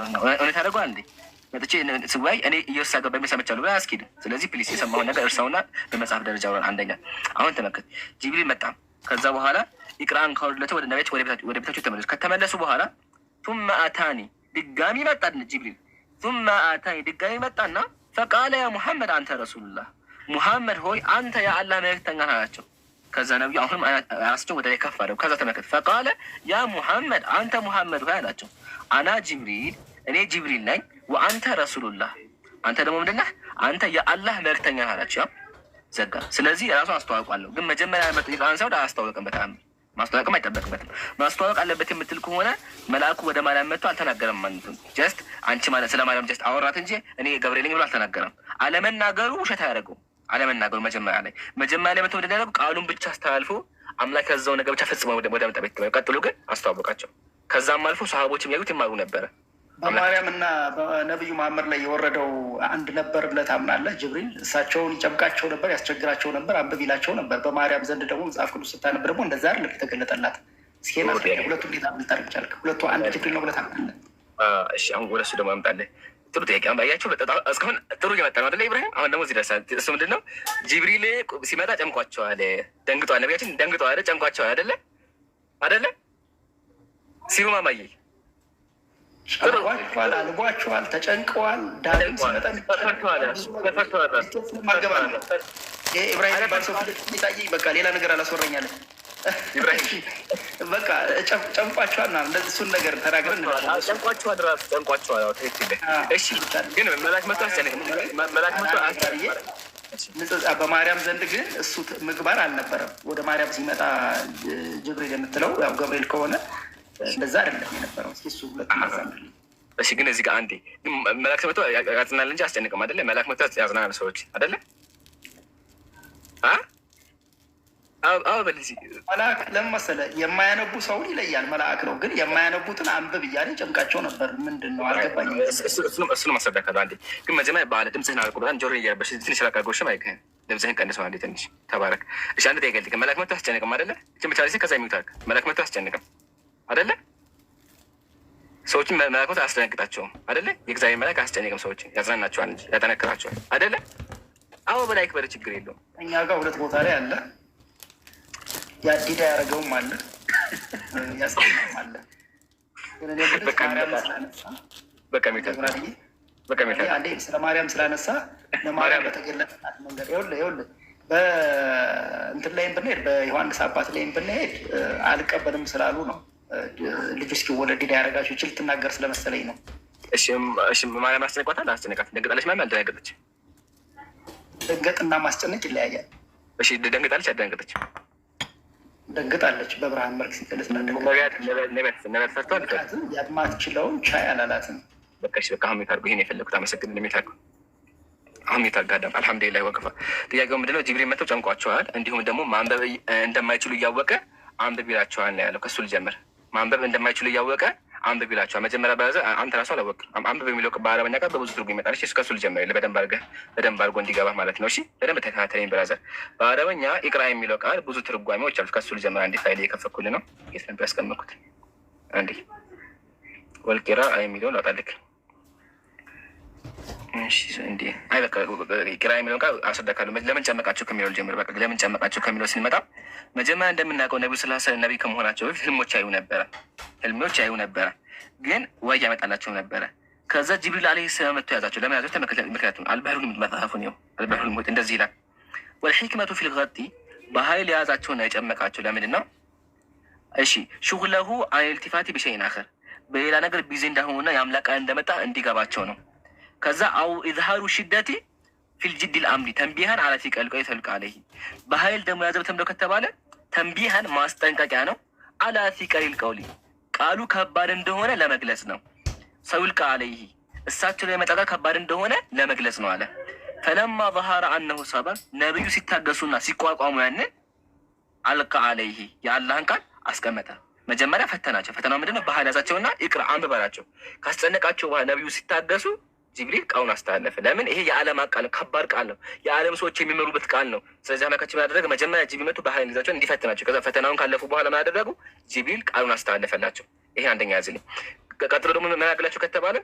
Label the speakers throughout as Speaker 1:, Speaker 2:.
Speaker 1: እውነት አደርገዋል አንዴ መጥቼ ስዋይ እኔ እየወሳ ገባኝ ሰምቻለሁ አስኪድ። ስለዚህ ፕሊስ የሰማሁን ነገር እርሳውና በመጽሐፍ ደረጃ ውራል። አንደኛ አሁን ተመልከት፣ ጅብሪል መጣ። ከዛ በኋላ ኢቅራን ካወርድለተ ወደ ነቢያች ወደ ቤታቸው ተመለሱ። ከተመለሱ በኋላ ቱመ አታኒ ድጋሚ መጣ ጅብሪል። ቱመ አታኒ ድጋሚ መጣና ፈቃለ ያ ሙሐመድ አንተ ረሱሉላህ ሙሐመድ ሆይ አንተ የአላህ መልክተኛ ናቸው። ከዛ ነቢዩ አሁንም አያስቸው ወደ ላይ ከፍ አለው። ከዛ ተመልከት፣ ፈቃለ ያ ሙሐመድ አንተ ሙሐመድ ሆይ አላቸው አና ጅብሪል እኔ ጅብሪል ነኝ። ወአንተ ረሱሉላህ አንተ ደግሞ ምንድነህ? አንተ የአላህ መልእክተኛ አላቸው። ዘጋ። ስለዚህ ራሱ አስተዋውቋለሁ፣ ግን መጀመሪያ መጠቃን ሰው አያስተዋወቅም። በጣም ማስተዋወቅም አይጠበቅበትም። ማስተዋወቅ አለበት የምትል ከሆነ መልአኩ ወደ ማርያም መጥቶ አልተናገረም ማለት ነው። ጀስት አንቺ ማለት ስለ ማርያም ጀስት አወራት እንጂ እኔ ገብርኤል ነኝ ብሎ አልተናገረም። አለመናገሩ ውሸት አያደርገው አለመናገሩ መጀመሪያ ላይ መጀመሪያ ላይ መቶ ምንድን ያደረገው ቃሉን ብቻ አስተላልፎ አምላክ ያዘውን ነገር ብቻ ፈጽሞ ወደ መጠ ቤት ቀጥሎ ግን አስተዋወቃቸው። ከዛም አልፎ ሰሃቦች የሚያዩት ይማሩ ነበረ።
Speaker 2: በማርያም እና በነቢዩ መሐመድ ላይ የወረደው አንድ ነበር ብለህ ታምናለህ? ጅብሪል እሳቸውን ይጨምቃቸው ነበር፣ ያስቸግራቸው ነበር፣ አንብብ ይላቸው ነበር። በማርያም ዘንድ ደግሞ መጽሐፍ ቅዱስ ስታነብ ደግሞ እንደዛ አይደለም የተገለጠላት። እስኪ ሁለቱ እንዴት ሁለቱ አንድ ጅብሪል ነው ብለህ ታምናለህ?
Speaker 1: እሺ አሁን ደግሞ አምጣለህ። ጥሩ ጥያቄ እስካሁን ጥሩ እየመጣ ነው አይደለ? ኢብራሂም አሁን ደግሞ እዚህ እሱ ምንድን ነው ጅብሪል ሲመጣ ጨምቋቸዋል፣ ነቢያችን ጨምቋቸዋል። አይደለ ሲሉ ማማዬ
Speaker 2: አልጓቸዋል፣ ተጨንቀዋል። ዳዊት በቃ ሌላ ነገር አላስወራኛለን። በቃ ጨንቋቸዋል ና እሱን ነገር ተናግረን ጨንቋቸዋል፣ ጨንቋቸዋል። እሺ ግን መላክ መቶ መላክ መቶ በማርያም ዘንድ ግን እሱ ምግባር አልነበረም። ወደ ማርያም ሲመጣ ጅብሪል የምትለው ያው ገብርኤል ከሆነ በዛ አይደለም የነበረው። እስኪ እሱ ሁለት ማዛለ
Speaker 1: እሺ። ግን እዚህ ጋር አንዴ መላክ መቶ ያጽናል እንጂ አስጨንቅም አደለ? መላክ መቶ ያጽናል ሰዎች
Speaker 2: አደለ? አዎ በል እዚህ መልአክ ለምን የማያነቡ ሰውን ይለያል። መልአክ ነው ግን የማያነቡትን አንብብ እያለ ጨምቃቸው ነበር። ምንድን ነው አልገባኝም። እሱንም አስረዳካለሁ። አንዴ ግን መጀመሪያ በአለ ድምፅህን አልኩ። ጆሮ እየረበሽ ትንሽ
Speaker 1: ላቃጎሽም አይገኝ ድምፅህን ቀንሰው አንዴ ትንሽ ተባረክ። እሺ አንድ ጠይቀልኝ። መላክ መቶ አያስጨንቅም አደለ? ጭምቻ ከዛ የሚታክ መላክ መቶ አያስጨንቅም አደለ? ሰዎችን መለኮት አያስደነግጣቸውም አደለ? የእግዚአብሔር መልአክ አያስጨንቅም። ሰዎችን ያጽናናቸዋል እንጂ ያጠነክራቸዋል አደለ?
Speaker 2: አዎ በላይ ክበር ችግር የለውም። እኛ ጋር ሁለት ቦታ ላይ አለ። የአዲዳ ያደረገውም አለ ያስገኝም አለ። ስለ ማርያም ስላነሳ ለማርያም በተገለጠላት መንገድ በእንትን ላይም ብንሄድ በዮሐንስ አባት ላይም ብንሄድ አልቀበልም ስላሉ ነው ልጁ እስኪወለድ ዲዳ ያደረጋችሁ ችል ትናገር ስለመሰለኝ ነው። ማርያም አስጨነቋታል። አስጨነቃት ደንገጣለች። ማርያም አልደነገጠች። እና ማስጨነቅ ይለያያል። እሺ ደንገጣለች። አልደነገጠች። ደንገጣለች። በብርሃን መልክ ሲገለጽ ነቢያት ቻይ
Speaker 1: አላላትም። በቃ በቃ አሁን የታርጉ ይሄን የፈለጉት አመሰግን የሚታርጉ አሁን የታጋዳም አልሐምዱሊላ ወቅፋ ጥያቄው ምንድነው? ጅብሪል መጥተው ጨንቋቸዋል። እንዲሁም ደግሞ ማንበብ እንደማይችሉ እያወቀ አንብብ ይላቸዋል ነው ያለው። ከሱ ልጀምር ማንበብ እንደማይችሉ እያወቀ አንብብ ይላቸዋል። መጀመሪያ በያዘ አንተ ራሱ አላወቅ አንብብ የሚለው በአረበኛ ቃል በብዙ ትርጉም ይመጣል። እሺ እስከሱ ልጀምር በደንብ አድርገህ በደንብ አድርጎ እንዲገባ ማለት ነው። እሺ በደንብ ተከታተለኝ ብራዘር። በአረበኛ ኢቅራ የሚለው ቃል ብዙ ትርጓሜዎች አሉ። ከሱ ልጀምር። አንዴ ፋይል እየከፈኩል ነው። የት ነበር ያስቀመጥኩት? አንዴ ወልቂራ የሚለውን ላውጣልክ ኪራይ የሚለውን ቃል አስረዳካለሁ። ለምን ጨመቃቸው ከሚለው ጀምር። በቃ ለምን ጨመቃቸው ከሚለው ስንመጣ መጀመሪያ እንደምናውቀው ነቢ ስላ ስለ ነቢ ከመሆናቸው በፊት ህልሞች አዩ ነበረ፣ ህልሞች አዩ ነበረ፣ ግን ወይ ያመጣላቸው ነበረ። ከዛ ጅብሪል አለ ሰላም መጥቶ ያዛቸው። ለምን ያዛቸው? ምክንያቱም አልባህሩል መጽሐፉ ነው። አልባህሩል ሙት እንደዚህ ይላል። ወልሕክመቱ ፊል ገጢ በሀይል የያዛቸውና የጨመቃቸው ለምንድን ነው? እሺ ሹግለሁ አን ኢልቲፋቲ ብሸይን አኸር በሌላ ነገር ቢዜ እንዳሆኑና የአምላቃ እንደመጣ እንዲገባቸው ነው። ከዛ አው ኢዝሃሩ ሽደቲ ፊልጅድ ልአምሪ ተንቢሃን አላፊ ቀልቀ የተልቃ አለይ በሀይል ደግሞ ያዘብ ተምለው ከተባለ ተንቢሃን ማስጠንቀቂያ ነው። አላፊ ቀሊል ቀውሊ ቃሉ ከባድ እንደሆነ ለመግለጽ ነው። ሰውልቃ አለይ እሳቸው ላይ መጣጣ ከባድ እንደሆነ ለመግለጽ ነው አለ። ፈለማ ባህረ አነሁ ሰበር ነቢዩ ሲታገሱና ሲቋቋሙ ያንን አልቃ አለይህ የአላህን ቃል አስቀመጠ። መጀመሪያ ፈተናቸው። ፈተናው ምንድነው? ባህል ያዛቸውና ይቅር አንብበላቸው ካስጨነቃቸው ነቢዩ ሲታገሱ ጅብሪል ቃሉን አስተላለፈ። ለምን? ይሄ የዓለም ቃል ነው፣ ከባድ ቃል ነው፣ የዓለም ሰዎች የሚመሩበት ቃል ነው። ስለዚህ አምላካችን ያደረገ መጀመሪያ ጅብሪል መጥቶ በኃይል ይዛቸውን እንዲፈትናቸው፣ ከዛ ፈተናውን ካለፉ በኋላ ምን አደረጉ? ጅብሪል ቃሉን አስተላለፈላቸው። ይሄ አንደኛ ያዝልኝ። ቀጥሎ ደግሞ መናገላቸው ከተባለ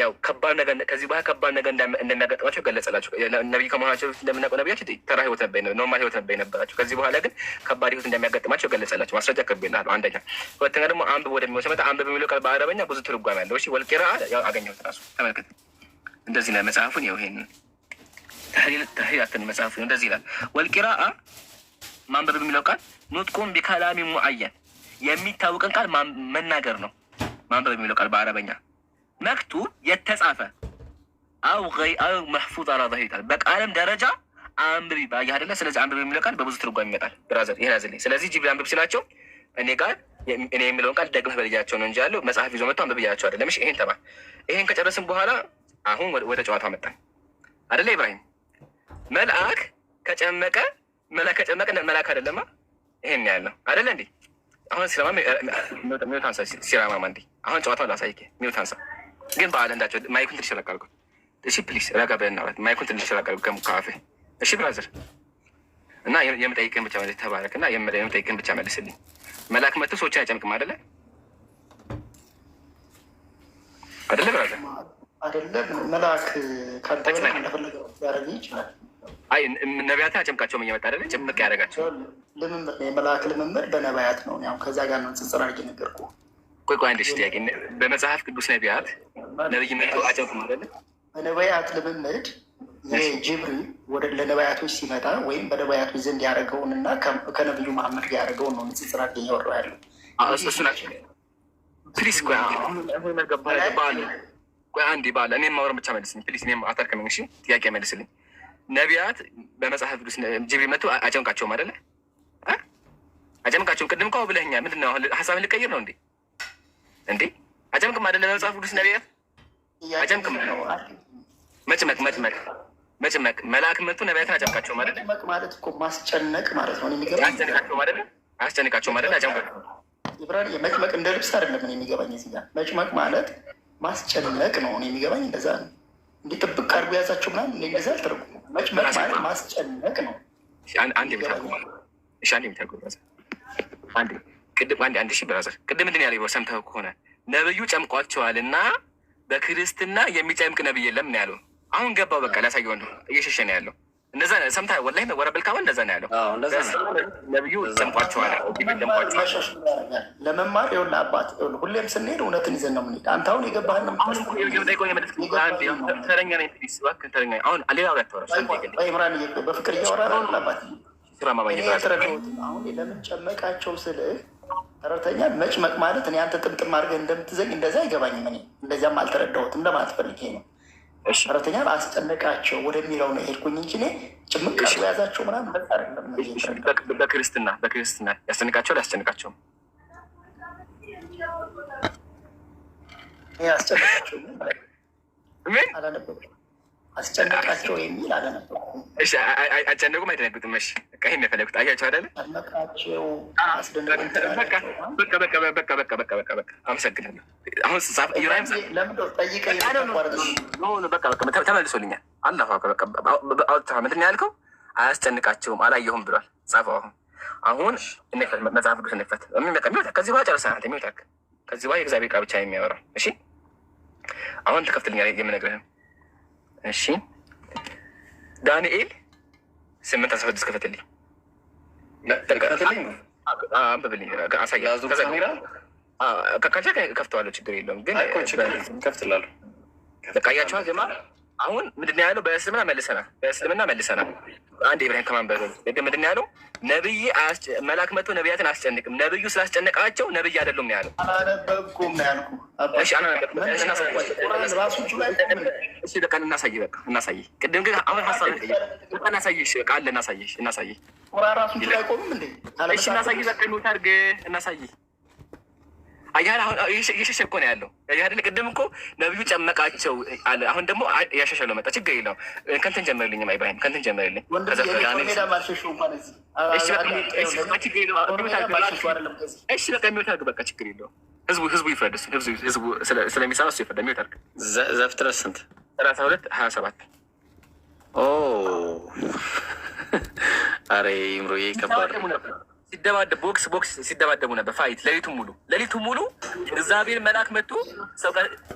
Speaker 1: ያው ከባድ ነገር ከዚህ በኋላ ከባድ ነገር እንደሚያጋጥማቸው ገለጸላቸው። ነቢይ ከመሆናቸው በፊት እንደምናውቀው ነቢያች ተራ ህይወት ነበ ኖርማል ህይወት ነበ የነበራቸው። ከዚህ በኋላ ግን ከባድ ህይወት እንደሚያጋጥማቸው ገለጸላቸው። ማስረጃ ከብናሉ። አንደኛ። ሁለተኛ ደግሞ አንብብ ወደሚወሰመጠ አንብብ የሚለው ቃል በአረበኛ ብዙ ትርጓሜ ያለው። እሺ ወልቄራ ያው አገኘሁት ራሱ ተመልከት እንደዚህ ላይ መጽሐፉን ይኸው ይሄንን ተህሊላትን መጽሐፉ እንደዚህ ይላል። ወልቂራአ ማንበብ የሚለው ቃል ኑጥቁን ቢከላሚ ሙአየን የሚታወቅን ቃል መናገር ነው። ማንበብ የሚለው ቃል በአረበኛ መክቱ የተጻፈ አው አው መሕፉዝ አላ ዛሂር ይላል። በቃልም ደረጃ አንብቢ ባየ አደለ። ስለዚህ አንብብ የሚለው ቃል በብዙ ትርጓሜ ይመጣል። ብራዘር ይህ ያዝልኝ። ስለዚህ ጅብሪል አንብብ ሲላቸው እኔ ጋር እኔ የሚለውን ቃል ደግመህ በልያቸው ነው እንጂ ያለው መጽሐፍ ይዞ መጥቶ አንብብያቸው አይደለም። ይሄን ተባል። ይሄን ከጨረስን በኋላ አሁን ወደ ጨዋታ መጣን አደለ ኢብራሂም? መልአክ ከጨመቀ መልአክ ከጨመቀ መልአክ አደለማ። ይሄን ያህል ነው አደለ እንዴ? አሁን ሲራማ ሚውት አንሳ። ሲራማ ማንዴ አሁን ጨዋታው ላሳይ ሚውት አንሳ ግን በአለ እንዳቸው ማይኩን ትንሽ ራቅ እሺ ፕሊስ ረጋ ብለና ረት ማይኩን ትንሽ ራቅ አድርገው ከአፌ። እሺ ብራዘር እና የምጠይቅን ብቻ መልስ። ተባረክ እና የምጠይቅን ብቻ መልስልኝ። መልአክ መጥቶ ሰዎችን አይጨምቅም አደለ? አደለ ብራዘር
Speaker 2: አይደለም መልአክ ካጠቅነ እንደፈለገ ይችላል።
Speaker 1: አይ ነቢያትን አጨምቃቸውም እየመጣ አይደለ ጭምቅ ያደረጋቸው
Speaker 2: ልምምድ ነው። የመልአክ ልምምድ በነቢያት ነው። ያው ከዚያ ጋር ነው ንጽጽር አድርጌ ነገርኩ። ቆይ
Speaker 1: ቆይ፣ አንድ ጥያቄ በመጽሐፍ ቅዱስ ነቢያት
Speaker 2: ነብይነቱ አጨምቅ አይደለ በነቢያት ልምምድ ጅብሪል ወደ ለነቢያቶች ሲመጣ ወይም በነቢያቶች ዘንድ ያደረገውን እና ከነብዩ መሐመድ ጋር ያደረገውን ነው ንጽጽር አድርጌ እያወራሁ ያለው እሱ ናቸው። ፕሊስ ቆይ
Speaker 1: ቆይ አንድ ባለ እኔ ማወራን ብቻ መልስልኝ ፕሊስ። እኔም አታድክመኝ እሺ። ጥያቄ መልስልኝ። ነቢያት በመጽሐፍ ቅዱስ ጅብሪል መጥቶ አጨምቃቸውም አደለ አጨምቃቸውም ቅድም እኮ ብለኛ ምንድን ነው ሀሳብን ልቀይር ነው እንዴ? እንዴ አጨምቅም አደለ በመጽሐፍ ቅዱስ ነቢያት አጨምቅም መጭመቅ መጭመቅ መጭመቅ መልአክ መጥቶ ነቢያትን አጨምቃቸውም አደለ ማለት እኮ ማስጨነቅ ማለት ነው። አስጨንቃቸውም አደለ አስጨንቃቸውም አይደለ?
Speaker 2: አጨምቃቸው የመጭመቅ እንደ ልብስ አደለም የሚገባኝ እዚህ መጭመቅ ማለት ማስጨነቅ ነው። እኔ የሚገባኝ እንደዛ ነው። እንዲህ ጥብቅ አድርጎ የያዛቸው ምናምን እኔ እንደዛ አልተረጉም። ማለት ማስጨነቅ ነው። አንድ ብራዘር
Speaker 1: ቅድም ምንድን ያለ ሰምተው ከሆነ ነብዩ ጨምቋቸዋል ጨምቋቸዋልና በክርስትና የሚጨምቅ ነብይ የለም ነው ያለው። አሁን ገባው። በቃ ላሳየው ነው እየሸሸ ነው ያለው እንደዛ ሰምተህ ወላሂ ወረብል ካባ እንደዛ ነው ያለው። ነብዩ ሰምቋቸዋል።
Speaker 2: ለመማር ይኸውልህ አባት ሁሌም ስንሄድ እውነትን ይዘን ነው የምንሄድ። አንተ አሁን የገባህን በፍቅር እያወራህ ነው አባት። አሁን ለምን ጨመቃቸው ስልህ ተረተኛ መጭመቅ ማለት እኔ አንተ ጥምጥም አድርገህ እንደምትዘኝ እንደዛ አይገባኝም። እኔ እንደዚያም አልተረዳሁትም ለማለት ፈልጌ ነው ሸረተኛ አስጨነቃቸው ወደሚለው ነው ሄድኩኝ እንጂ ጭምቅ ያዛቸው ምናምን በክርስትና በክርስትና ያስጨንቃቸው ላያስጨንቃቸው ያስጨንቃቸው ምን አስጨነቃቸው የሚል አላነበኩም።
Speaker 1: አጨነቁም አይደነግጡም። እሺ በቃ ይሄን የፈለጉት አያቸው አይደለ? አድነቃቸው አስደነቃቸው። በቃ አመሰግናለሁ። አሁን ተመልሶልኛል። ምንድን ነው ያልከው? አያስጨንቃቸውም አላየሁም ብሏል። ጻፈ አሁን አሁን እንፈት መጽሐፍ ቅዱስ እንፈት የሚመጣ ከዚህ በኋላ ጨርሰናል። የሚወጣ ከዚህ በኋላ የእግዚአብሔር ቃል ብቻ የሚያወራ እሺ አሁን ተከፍትልኛል የምነግርህም እሺ ዳንኤል ስምንት አስራ ስድስት ክፈትልኝ አንብብልኝ አሳያ ከፍተዋለሁ ችግር የለውም ግን ከፍትላለሁ በቃ ዜማ አሁን ምንድን ያለው? በእስልምና መልሰና በእስልምና መልሰና አንድ ኢብራሂም ከማንበሩ ግ ምንድን ያለው? ነብይ መላክ መጥቶ ነቢያትን አስጨንቅም፣ ነብዩ ስላስጨነቃቸው ነብይ አይደሉም ያለው።
Speaker 2: አላነበብኩም ነው ያልኩህ። በቃ
Speaker 1: እናሳይ፣ በቃ እናሳይ። ቅድም ግን አሁን ሀሳብ እናሳይሽ፣ በቃ አለ እናሳይሽ፣ እናሳይ፣
Speaker 2: እናሳይ፣ በቃ
Speaker 1: እናሳይ አያል አሁን እየሸሸ እኮ ነው ያለው። ያህል ቅድም እኮ ነቢዩ ጨመቃቸው አለ። አሁን ደግሞ እያሸሸ ነው መጣ። ችግር የለው ከንትን ጀመርልኝ ኢብራሂም ከንትን ጀመርልኝ። እሺ በቃ የሚወት አድርግ። በቃ ችግር የለው። ህዝቡ ህዝቡ ይፍረድ። ህዝቡ ስለሚሰራ እሱ ይፍረድ። የሚወት አድርግ። ዘፍጥረት ስንት ሰላሳ ሁለት ሀያ ሰባት
Speaker 3: ኦ አሬ ይምሮ
Speaker 1: ይከባድ ሲደባደብ ቦክስ ቦክስ ሲደባደቡ ነበር። ፋይት ለሊቱ ሙሉ ለሊቱ ሙሉ እግዚአብሔር መልአክ መጥቶ ሰው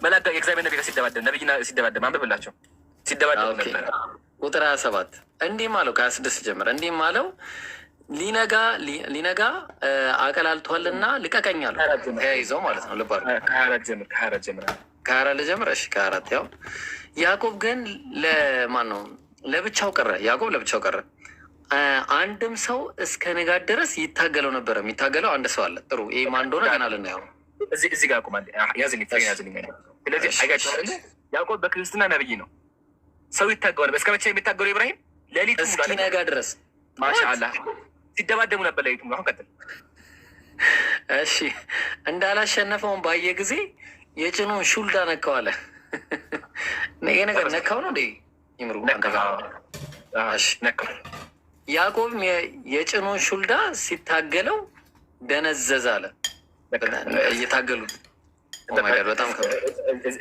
Speaker 1: መልአክ የእግዚአብሔር
Speaker 3: ነቢ ጋር ሲደባደብ ነብይና ሲደባደብ አንብብላቸው ሲደባደቡ ነበር። ቁጥር ሀያ ሰባት እንዲህም አለው ከሀያ ስድስት ጀምረ እንዲህም አለው ሊነጋ ሊነጋ አቀላልቷልና ልቀቀኝ አለው። ተያይዘው ማለት ነው ልባ ከሀያ አራት ጀምር ከሀያ አራት ጀምር ከሀያ ልጀምር እሺ ከሀያ አራት ያው ያዕቆብ ግን ለማን ነው ለብቻው ቀረ። ያዕቆብ ለብቻው ቀረ አንድም ሰው እስከ ንጋት ድረስ ይታገለው ነበረ። የሚታገለው አንድ ሰው አለ። ጥሩ ይህ ማን እንደሆነ ገና ልናየው። እዚህ ጋር
Speaker 1: አቁማል። ስለዚህ አይጋቸው ያዕቆብ በክርስትና ነብይ ነው። ሰው ይታገዋል። እስከ መቼ የሚታገለው ኢብራሂም ሌሊት
Speaker 3: እስኪነጋ ድረስ ማሻአላ ሲደባደሙ ነበር ሌሊቱ። አሁን ቀጥል። እሺ እንዳላሸነፈውን ባየ ጊዜ የጭኑን ሹልዳ ነካዋለ። ይሄ ነገር ነካው ነው ይምሩ ነካው ያዕቆብም የጭኑን ሹልዳ ሲታገለው ደነዘዝ አለ። እየታገሉ oh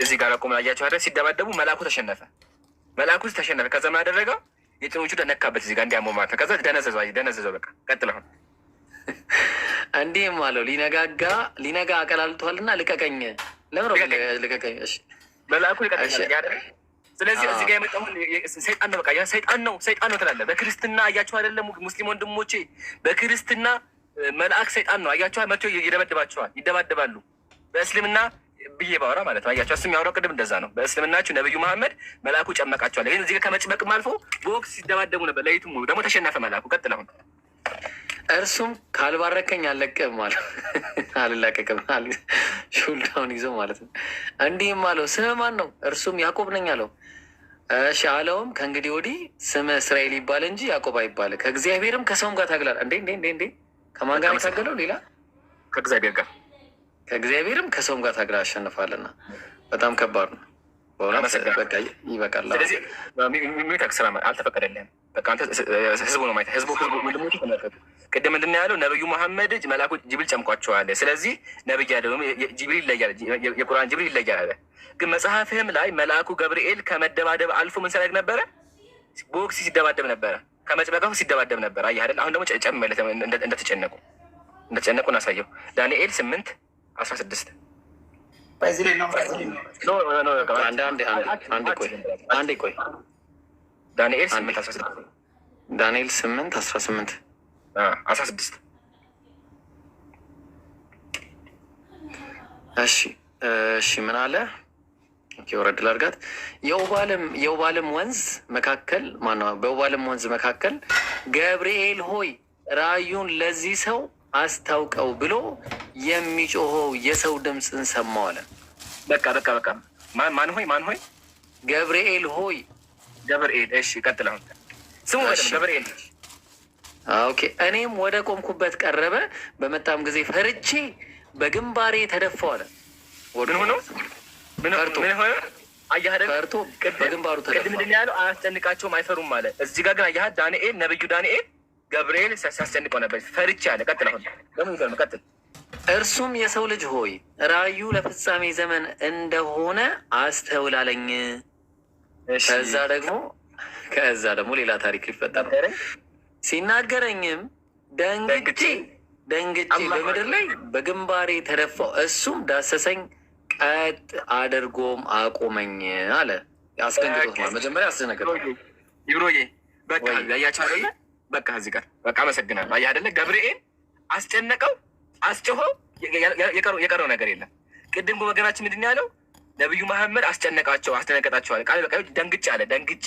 Speaker 3: እዚህ ጋር
Speaker 1: ቆም ላያቸው አደ ሲደባደቡ መልአኩ ተሸነፈ። መልአኩ ተሸነፈ። ከዛ ምን ያደረገው የጭኖቹ
Speaker 3: ደነካበት እዚህ ጋር እንዲያሞ ማለት ነው። ከዛ ደነዘዘ ደነዘዘው። በቃ ቀጥለሁን እንዲህም አለው ሊነጋጋ ሊነጋ አቀላልቷልና ልቀቀኝ፣ ለምረ ልቀቀኝ መልአኩ ልቀቀኝ
Speaker 1: ስለዚህ እዚህ ጋር የመጣሁን ሰይጣን ነው፣ በቃ ሰይጣን ነው፣ ሰይጣን ነው ትላለህ። በክርስትና አያቸው አይደለም ሙስሊም ወንድሞቼ፣ በክርስትና መልአክ ሰይጣን ነው አያቸው፣ መቶ ይደበድባቸዋል፣ ይደባደባሉ። በእስልምና ብዬ ባወራ ማለት ነው አያቸው፣ እሱም ያወራው ቅድም እንደዛ ነው። በእስልምናችሁ ነብዩ መሐመድ መልአኩ ጨመቃቸዋል። ይህን እዚህ ከመጭመቅም አልፎ በወቅት ሲደባደቡ ነበር።
Speaker 3: ለይቱ ደግሞ ተሸነፈ መልአኩ። ቀጥል አሁን እርሱም ካልባረከኝ አልለቅም አለ። አልላቀቅም ሹልዳውን ይዞ ማለት ነው። እንዲህም አለው ስም ማን ነው? እርሱም ያዕቆብ ነኝ አለው። እሺ አለውም ከእንግዲህ ወዲህ ስም እስራኤል ይባል እንጂ ያዕቆብ አይባል። ከእግዚአብሔርም ከሰውም ጋር ታግላል። እንዴ እንዴ እንዴ! እንዴ ከማን ጋር የታገለው? ሌላ ከእግዚአብሔር ጋር ከእግዚአብሔርም ከሰውም ጋር ታግላ አሸንፋለና። በጣም ከባድ ነው በእውነት። ይበቃል። ስለዚህ ሚዩታክ ስራ አልተፈቀደልህም በቃ
Speaker 1: አንተ ህዝቡ ነው ማየት ህዝቡ ህዝቡ ወንድሞች ተመልከቱ። ቅድም ምንድን ነው ያለው? ነብዩ መሐመድ መላኩ ጅብሪል ጨምቋቸዋለ። ስለዚህ ነብይ ያለ ጅብሪል ይለያል፣ የቁርአን ጅብሪል ይለያል አለ። ግን መጽሐፍህም ላይ መልአኩ ገብርኤል ከመደባደብ አልፎ ምን ሲያደርግ ነበረ? ቦክስ ሲደባደብ ነበረ፣ ከመጭበቀፉ ሲደባደብ ነበረ። አየህ አይደል? አሁን ደግሞ ጨምርለት እንደተጨነቁ እንደተጨነቁ እናሳየው። ዳንኤል ስምንት አስራ ስድስት አንድ ቆይ አንድ ቆይ ዳንኤል ስምንት አስራ ስድስት
Speaker 3: ዳንኤል ስምንት አስራ ስምንት አስራ ስድስት እሺ እሺ ምን አለ ወረድ ላርጋት የውባለም ወንዝ መካከል ማነው በውባለም ወንዝ መካከል ገብርኤል ሆይ ራዩን ለዚህ ሰው አስታውቀው ብሎ የሚጮኸው የሰው ድምፅ እንሰማዋለን በቃ በቃ በቃ ማን ሆይ ማን ሆይ ገብርኤል ሆይ ገብርኤል እሺ፣ ቀጥል። ስሙ ገብርኤል። ኦኬ። እኔም ወደ ቆምኩበት ቀረበ። በመጣም ጊዜ ፈርቼ በግንባሬ ተደፋው አለ። ምን ሆኖ ምን ሆነ?
Speaker 1: አያህደ ፈርቶ በግንባሩ ተደፋ። ምንድን ያለው? አያስጨንቃቸውም አይፈሩም አለ። እዚህ ጋር ግን አያህ
Speaker 3: ዳንኤል፣ ነብዩ ዳንኤል ገብርኤል ሲያስጨንቀው ነበር። ፈርቼ አለ። ቀጥል። አሁን ደግሞ ይገርም። ቀጥል እርሱም የሰው ልጅ ሆይ ራዩ ለፍጻሜ ዘመን እንደሆነ አስተውላለኝ ከዛ ደግሞ ከዛ ደግሞ ሌላ ታሪክ ሊፈጠር ሲናገረኝም ደንግጬ ደንግጬ በምድር ላይ በግንባሬ ተደፋው። እሱም ዳሰሰኝ፣ ቀጥ አድርጎም አቆመኝ አለ። አስደንግጦት ማለት መጀመሪያ አስደነገጠ። ይብሮዬ በቃ
Speaker 1: ያያቸው አይደለ? በቃ እዚህ ጋር በቃ አመሰግናለሁ። አየህ አይደለ? ገብርኤል አስጨነቀው፣ አስጭሆ የቀረው ነገር የለም። ቅድም በወገናችን ምንድን ያለው ነቢዩ መሐመድ አስጨነቃቸው አስደነገጣቸዋል። ቃል በቃ ደንግጬ አለ ደንግጬ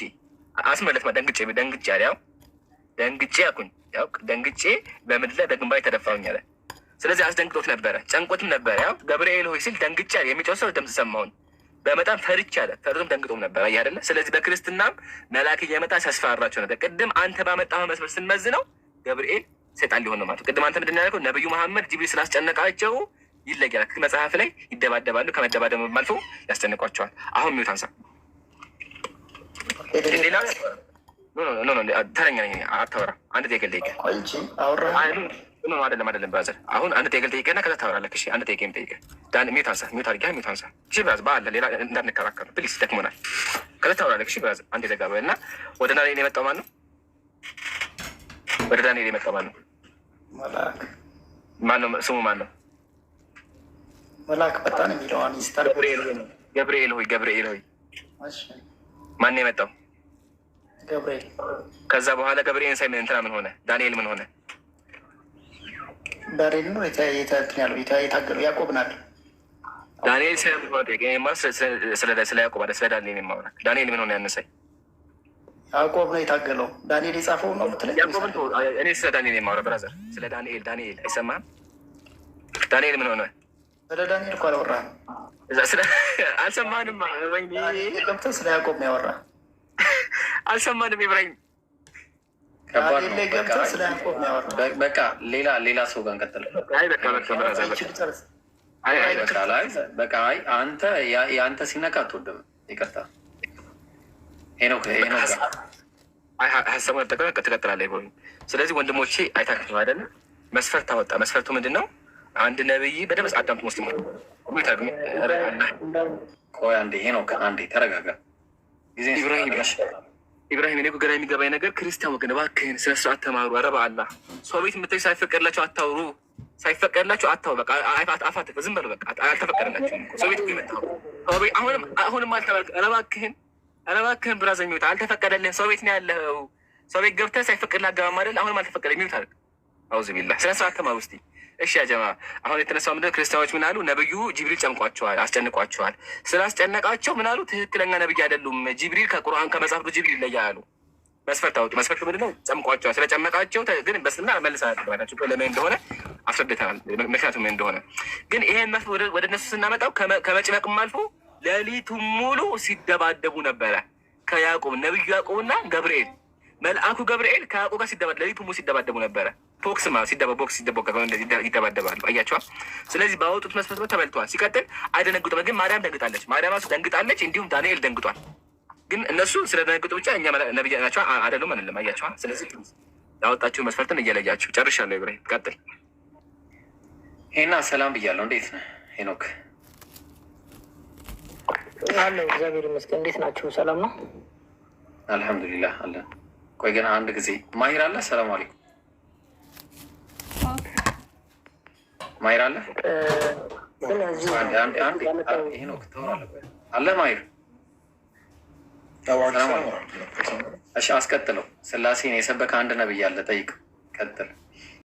Speaker 1: አስመለስ ደንግጬ ደንግጬ አለ ያው ደንግጬ አልኩኝ ያው ደንግጬ በምድር ላይ በግንባር ተደፋሁኝ አለ። ስለዚህ አስደንግጦት ነበረ ጨንቆትም ነበረ። ያው ገብርኤል ሆይ ሲል ደንግጬ አለ የሚጮህ ሰው ድምፅ ሰማሁኝ። በመጣም ፈርቼ አለ ፈርቶም ደንግጦም ነበረ እያደለ ስለዚህ በክርስትናም መልአክ እየመጣ ሲያስፈራራቸው ነበር። ቅድም አንተ ባመጣኸው መስመር ነው ገብርኤል ሰይጣን ሊሆን ነው ማለት ቅድም አንተ ምንድን ያልከው ነቢዩ መሐመድ ጅብሪል ስላስጨነቃቸው ይለያል። መጽሐፍ ላይ ይደባደባሉ። ከመደባደብ አልፎ ያስጨንቋቸዋል። አሁን ሚዩት አንሳ። ተረኛ አታወራ። አንድ ጥያቄ ልጠይቅህ። አይደለም አይደለም፣ ብራዘር አሁን አንድ ጥያቄ ልጠይቅህና ከዛ ታወራለህ። እሺ አንድ ጥያቄ የምጠይቅህ ሚዩት አንሳ። ሚዩት አድርጊያ። ሚዩት አንሳ። እሺ ብራዘር፣ በአለ ሌላ እንዳንከራከር ፕሊስ፣ ደክሞናል። ከዛ ታወራለህ። እሺ ብራዘር፣ አንድ ዘጋ እና ወደ ዳንኤል የመጣው ማን ነው? ወደ ዳንኤል የመጣው ማን ነው? ማን ነው? ስሙ ማን ነው?
Speaker 2: መልአክ በጣም የሚለዋን ሚስተር ገብርኤል ሆይ
Speaker 1: ገብርኤል ሆይ ማን የመጣው?
Speaker 2: ገብርኤል። ከዛ
Speaker 1: በኋላ ገብርኤል ሳይ ምን እንትና ምን ሆነ? ዳንኤል ምን ሆነ?
Speaker 2: ዳንኤል ነው የታገለው ያዕቆብ ናል
Speaker 1: ዳንኤል ስለ ያዕቆብ አለ ስለ ዳንኤል የማወራ ዳንኤል ምን ሆነ? ሳይ
Speaker 2: ያዕቆብ ነው የታገለው። ዳንኤል
Speaker 1: የጻፈው ነው ምትለ እኔ ስለ ዳንኤል የማወራ ብራዘር፣ ስለ ዳንኤል ዳንኤል አይሰማህም?
Speaker 2: ዳንኤል ምን ሆነ? ስለ ዳንኤል እኮ አላወራህም። አልሰማንም። ወይምተ ስለ ያዕቆብ ነው ያወራህ። አልሰማንም። ኢብራሂም
Speaker 3: በቃ ሌላ ሌላ ሰው ጋር እንቀጥላለን። በቃ አንተ የአንተ ሲነካ አትወድም። ይቅርታ
Speaker 1: ሄኖክ ሀሳብ ጠቅለህ ትቀጥላለህ። ስለዚህ ወንድሞቼ አይታክቱ አይደለ? መስፈርት አወጣ። መስፈርቱ ምንድን ነው? አንድ ነብይ በደምስ አዳምት ሙስሊሙ
Speaker 3: ቆይ አንዴ ይሄ ነው
Speaker 1: ከአንዴ ተረጋጋ። ኢብራሂም እኔ ግራ የሚገባኝ ነገር ክርስቲያን ወገን እባክህን ስነ ስርዓት ተማሩ። ኧረ በአላህ ሰው ቤት የምታዩ ሳይፈቀድላቸው አታውሩ፣ ሳይፈቀድላቸው አታው በቃ አፋት ዝም በል በቃ አልተፈቀደላቸው። ሰው ቤት ይመጣው ሰው አሁንም አሁንም አልተባልክ። ኧረ እባክህን ኧረ እባክህን ብራዘር የሚወጣ አልተፈቀደልህም። ሰው ቤት ነው ያለኸው። ሰው ቤት ገብተህ ሳይፈቀድልህ አገባ ማለት አሁንም አልተፈቀደ የሚወጣ አውዝ ቢላ ስነ ስርዓት ተማሩ እስኪ እሺ ያጀማ አሁን የተነሳው ምንድን ክርስቲያኖች ምን አሉ? ነብዩ ጅብሪል ጨምቋቸዋል፣ አስጨንቋቸዋል። ስላስጨነቃቸው ምን አሉ? ትክክለኛ ነብይ አይደሉም፣ ጅብሪል ከቁርአን ከመጽሐፍ ጅብሪል ይለያል አሉ። መስፈርት አወጡ። መስፈርቱ ምንድን ነው? ጨምቋቸዋል። ስለጨመቃቸው ግን በስና መልሳቸው አላቸው። ለምን እንደሆነ አስረድተናል፣ ምክንያቱም እንደሆነ ግን ይሄን መስ ወደ እነሱ ስናመጣው ከመጭመቅም አልፎ ሌሊቱን ሙሉ ሲደባደቡ ነበረ ከያዕቆብ ነብዩ ያዕቆብና ገብርኤል መልአኩ ገብርኤል ከያዕቆብ ጋር ሲደባ ሌሊቱን ሙሉ ሲደባደቡ ነበረ። ቦክስ ሲደባ ቦክስ ሲደቦ ይደባደባሉ። አያቸዋል። ስለዚህ በአወጡት መስመት ተበልተዋል። ሲቀጥል አደነግጦ ግን ማርያም ደንግጣለች፣ ማርያም ራሱ ደንግጣለች፣ እንዲሁም ዳንኤል ደንግጧል። ግን እነሱ ስለደነግጡ ብቻ እኛ ነብያ ናቸው አይደሉም አንልም። አያቸዋል። ስለዚህ ያወጣችሁ መስፈርትን እየለያችሁ ጨርሻለሁ። ኢብራሂም ቀጥል።
Speaker 3: ሄና ሰላም ብያለሁ። እንዴት ነህ ሄኖክ? አለሁ እግዚአብሔር ይመስገን። እንዴት ናችሁ? ሰላም ነው። አልሐምዱሊላህ አለን። ቆይ ግን አንድ ጊዜ ማሂር አለ። ሰላም አለይኩም ማይር አለ አለ ማይር አስቀጥለው። ስላሴን የሰበከ አንድ ነብይ አለ። ጠይቅ ቀጥል።